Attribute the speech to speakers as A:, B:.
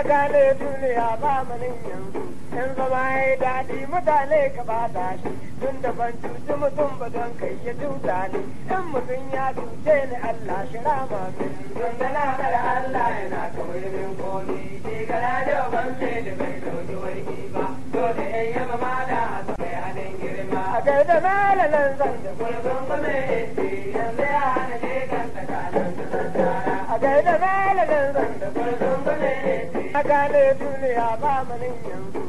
A: gane duniya ba manin yanzu in zama ya yi daɗi mutane ka ba shi tun da ban cuci mutum ba don
B: kai ya cuta ni in mutum ya cuce
C: ni Allah shi rama min don da na kada Allah yana kawai min komi ke gara da
D: ban ce da bai dauki wani ba dole in yi ma mama a hasa bai halin
E: girma a kai da malalan zan da gulgun kuma yanzu ya hana je kan tsakanin su tattara a kai da malalan zan da gulgun
F: kuma gane duniya ba manin yanzu